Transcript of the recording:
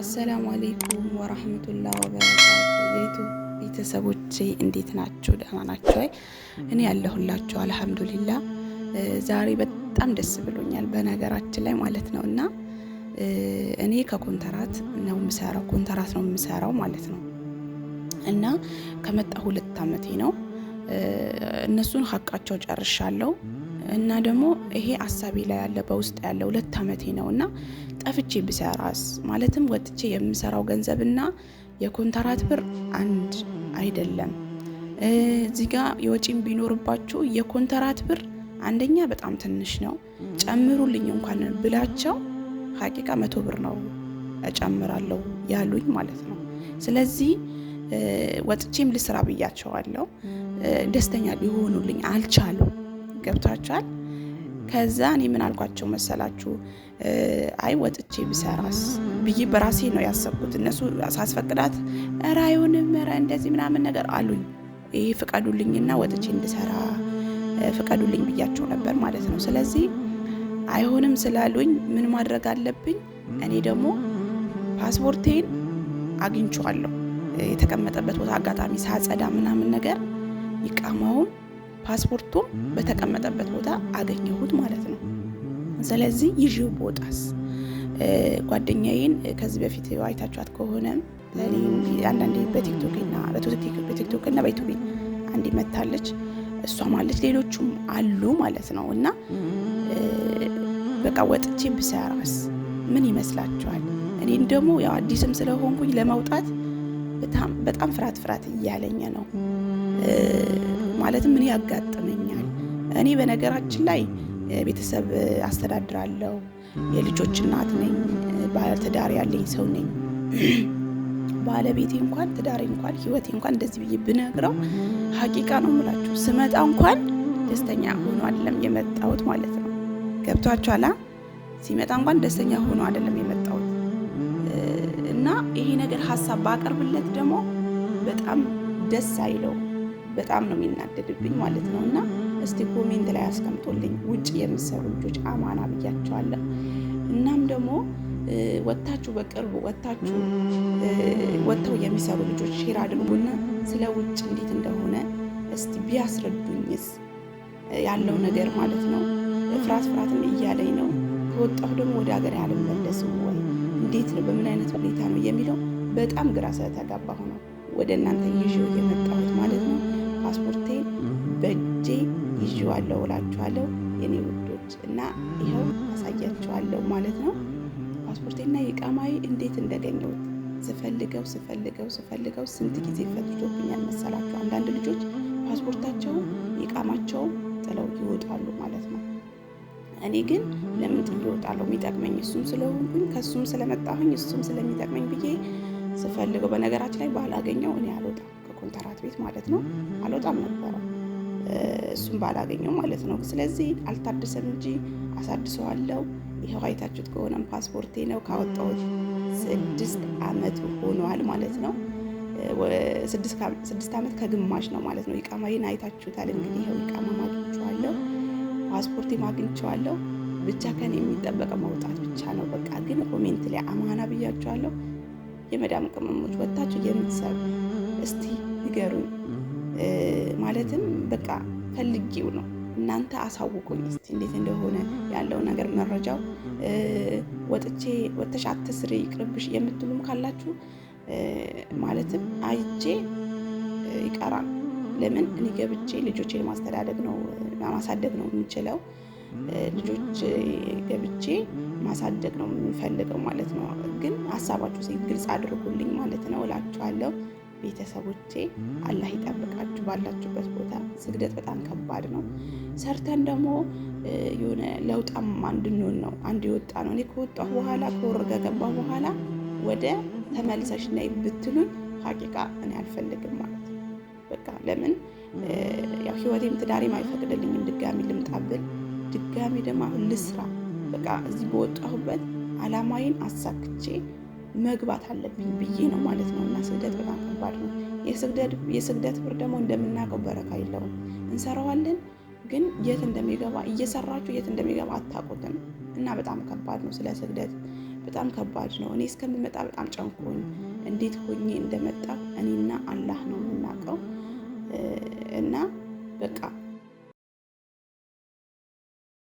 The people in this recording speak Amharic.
አሰላሙ አሌይኩም ወራህመቱላህ ወበረካቱ ቤተሰቦቼ እንዴት ናችሁ? ደህና ናቸው ወይ? እኔ ያለሁላችሁ አልሐምዱሊላ። ዛሬ በጣም ደስ ብሎኛል በነገራችን ላይ ማለት ነው እና እኔ ከኮንትራት ነው የምሰራው፣ ኮንትራት ነው የምሰራው ማለት ነው እና ከመጣ ሁለት አመቴ ነው። እነሱን ሀቃቸው ጨርሻለሁ። እና ደግሞ ይሄ አሳቢ ላይ ያለ በውስጥ ያለ ሁለት አመቴ ነው እና ጠፍቼ ብሰራስ ማለትም ወጥቼ የምሰራው ገንዘብና የኮንትራት ብር አንድ አይደለም። እዚህ ጋ የወጪም ቢኖርባችሁ የኮንትራት ብር አንደኛ በጣም ትንሽ ነው። ጨምሩልኝ እንኳን ብላቸው ሀቂቃ መቶ ብር ነው እጨምራለሁ ያሉኝ ማለት ነው። ስለዚህ ወጥቼም ልስራ ብያቸዋለሁ። ደስተኛ ሊሆኑልኝ አልቻሉም። ገብቷቸዋል። ከዛ እኔ ምን አልኳቸው መሰላችሁ? አይ ወጥቼ ብሰራስ ብዬ በራሴ ነው ያሰብኩት። እነሱ ሳስፈቅዳት ኧረ አይሆንም ኧረ እንደዚህ ምናምን ነገር አሉኝ። ይህ ፍቀዱልኝና ወጥቼ እንድሰራ ፍቀዱልኝ ብያቸው ነበር ማለት ነው። ስለዚህ አይሆንም ስላሉኝ ምን ማድረግ አለብኝ? እኔ ደግሞ ፓስፖርቴን አግኝቼዋለሁ የተቀመጠበት ቦታ አጋጣሚ ሳጸዳ ምናምን ነገር ይቃማውም ፓስፖርቱም በተቀመጠበት ቦታ አገኘሁት ማለት ነው። ስለዚህ ይዤው ቦጣስ ጓደኛዬን ከዚህ በፊት አይታችኋት ከሆነ አንዳንዴ በቲክቶክና በቲክቶክና በኢትዮጵያ አንዴ መታለች እሷ ማለች ሌሎቹም አሉ ማለት ነው። እና በቃ ወጥቼ ብሰራስ ምን ይመስላችኋል? እኔም ደግሞ ያው አዲስም ስለሆንኩኝ ለመውጣት በጣም ፍርሃት ፍርሃት እያለኝ ነው። ማለትም ምን ያጋጥመኛል? እኔ በነገራችን ላይ ቤተሰብ አስተዳድራለሁ፣ የልጆች እናት ነኝ፣ ባለትዳር ያለኝ ሰው ነኝ። ባለቤቴ እንኳን ትዳሬ እንኳን ህይወቴ እንኳን እንደዚህ ብዬ ብነግረው ሀቂቃ ነው የምላችሁ ስመጣ እንኳን ደስተኛ ሆኖ አይደለም የመጣሁት ማለት ነው። ገብቷችኋላ? ሲመጣ እንኳን ደስተኛ ሆኖ አይደለም የመጣሁት እና ይሄ ነገር ሀሳብ ባቀርብለት ደግሞ በጣም ደስ አይለው በጣም ነው የሚናደድብኝ ማለት ነው። እና እስቲ ኮሜንት ላይ አስቀምጦልኝ ውጭ የምትሰሩ ልጆች አማና ብያቸዋለሁ። እናም ደግሞ ወታችሁ በቅርቡ ወታችሁ ወጥተው የሚሰሩ ልጆች ሼር አድርጉና ስለ ውጭ እንዴት እንደሆነ እስቲ ቢያስረዱኝስ ያለው ነገር ማለት ነው። ፍርሃት ፍራትም እያለኝ ነው። ከወጣሁ ደግሞ ወደ ሀገር አልመለስም ወይ እንዴት ነው በምን አይነት ሁኔታ ነው የሚለው በጣም ግራ ስለተጋባሁ ነው ወደ እናንተ ይዤው የመጣሁት ማለት ነው። ፓስፖርቴ በእጄ ይዤዋለሁ እላችኋለሁ የኔ ውዶች እና ይኸው አሳያችኋለሁ ማለት ነው። ፓስፖርቴና የቃማዬ እንዴት እንደገኘሁት ስፈልገው ስፈልገው ስፈልገው ስንት ጊዜ ፈትቶብኛል መሰላቸው። አንዳንድ ልጆች ፓስፖርታቸው የቃማቸው ጥለው ይወጣሉ ማለት ነው። እኔ ግን ለምን ጥዬ እወጣለሁ? የሚጠቅመኝ እሱም ስለሆንኩኝ ከሱም ስለመጣሁኝ እሱም ስለሚጠቅመኝ ብዬ ስፈልገው፣ በነገራችን ላይ ባላገኘው እኔ አልወጣም። አልነበርኩም ተራት ቤት ማለት ነው። አልወጣም ነበረ እሱም ባላገኘው ማለት ነው። ስለዚህ አልታደሰም እንጂ አሳድሰዋለው። ይኸው አይታችሁት ከሆነም ፓስፖርቴ ነው ካወጣሁት ስድስት አመት ሆኗል ማለት ነው። ስድስት አመት ከግማሽ ነው ማለት ነው። ኢቃማዬን አይታችሁታል እንግዲህ ይኸው ይቃማ ማግኝቼዋለሁ፣ ፓስፖርቴ ማግኝቼዋለሁ። ብቻ ከኔ የሚጠበቀው መውጣት ብቻ ነው። በቃ ግን ኮሜንት ላይ አማና ብያችኋለሁ። የመዳም ቅመሞች ወታችሁ የምትሰሩ እስቲ ንገሩኝ። ማለትም በቃ ፈልጌው ነው እናንተ አሳውቁኝ እስቲ እንዴት እንደሆነ ያለው ነገር መረጃው። ወጥቼ ወጥተሽ አትስሪ ይቅርብሽ የምትሉም ካላችሁ ማለትም አይቼ ይቀራል። ለምን እኔ ገብቼ ልጆቼ ማስተዳደግ ነው ማሳደግ ነው የምችለው። ልጆች ገብቼ ማሳደግ ነው የምፈልገው ማለት ነው። ግን ሀሳባችሁ ግልጽ አድርጉልኝ ማለት ነው እላችኋለሁ። ቤተሰቦቼ አላህ ይጠብቃችሁ ባላችሁበት ቦታ። ስግደት በጣም ከባድ ነው። ሰርተን ደግሞ የሆነ ለውጣም አንድንሆን ነው አንድ የወጣ ነው። እኔ ከወጣሁ በኋላ ከወር ከገባሁ በኋላ ወደ ተመልሰሽ ነይ ብትሉን ሀቂቃ እኔ አልፈልግም ማለት በቃ ለምን ያው ህይወቴም ትዳሬም አይፈቅድልኝም ድጋሚ ልምጣብል ድጋሚ ደግሞ አሁን ልስራ በቃ እዚህ በወጣሁበት አላማዬን አሳክቼ መግባት አለብኝ ብዬ ነው ማለት ነው። እና ስግደት በጣም ከባድ ነው። የስግደት ብር ደግሞ እንደምናውቀው በረካ የለውም። እንሰራዋለን፣ ግን የት እንደሚገባ እየሰራችሁ የት እንደሚገባ አታውቁትም። እና በጣም ከባድ ነው። ስለ ስግደት በጣም ከባድ ነው። እኔ እስከምመጣ በጣም ጨንቆኝ እንዴት ሆኜ እንደመጣ እኔና አላህ ነው የምናውቀው እና በቃ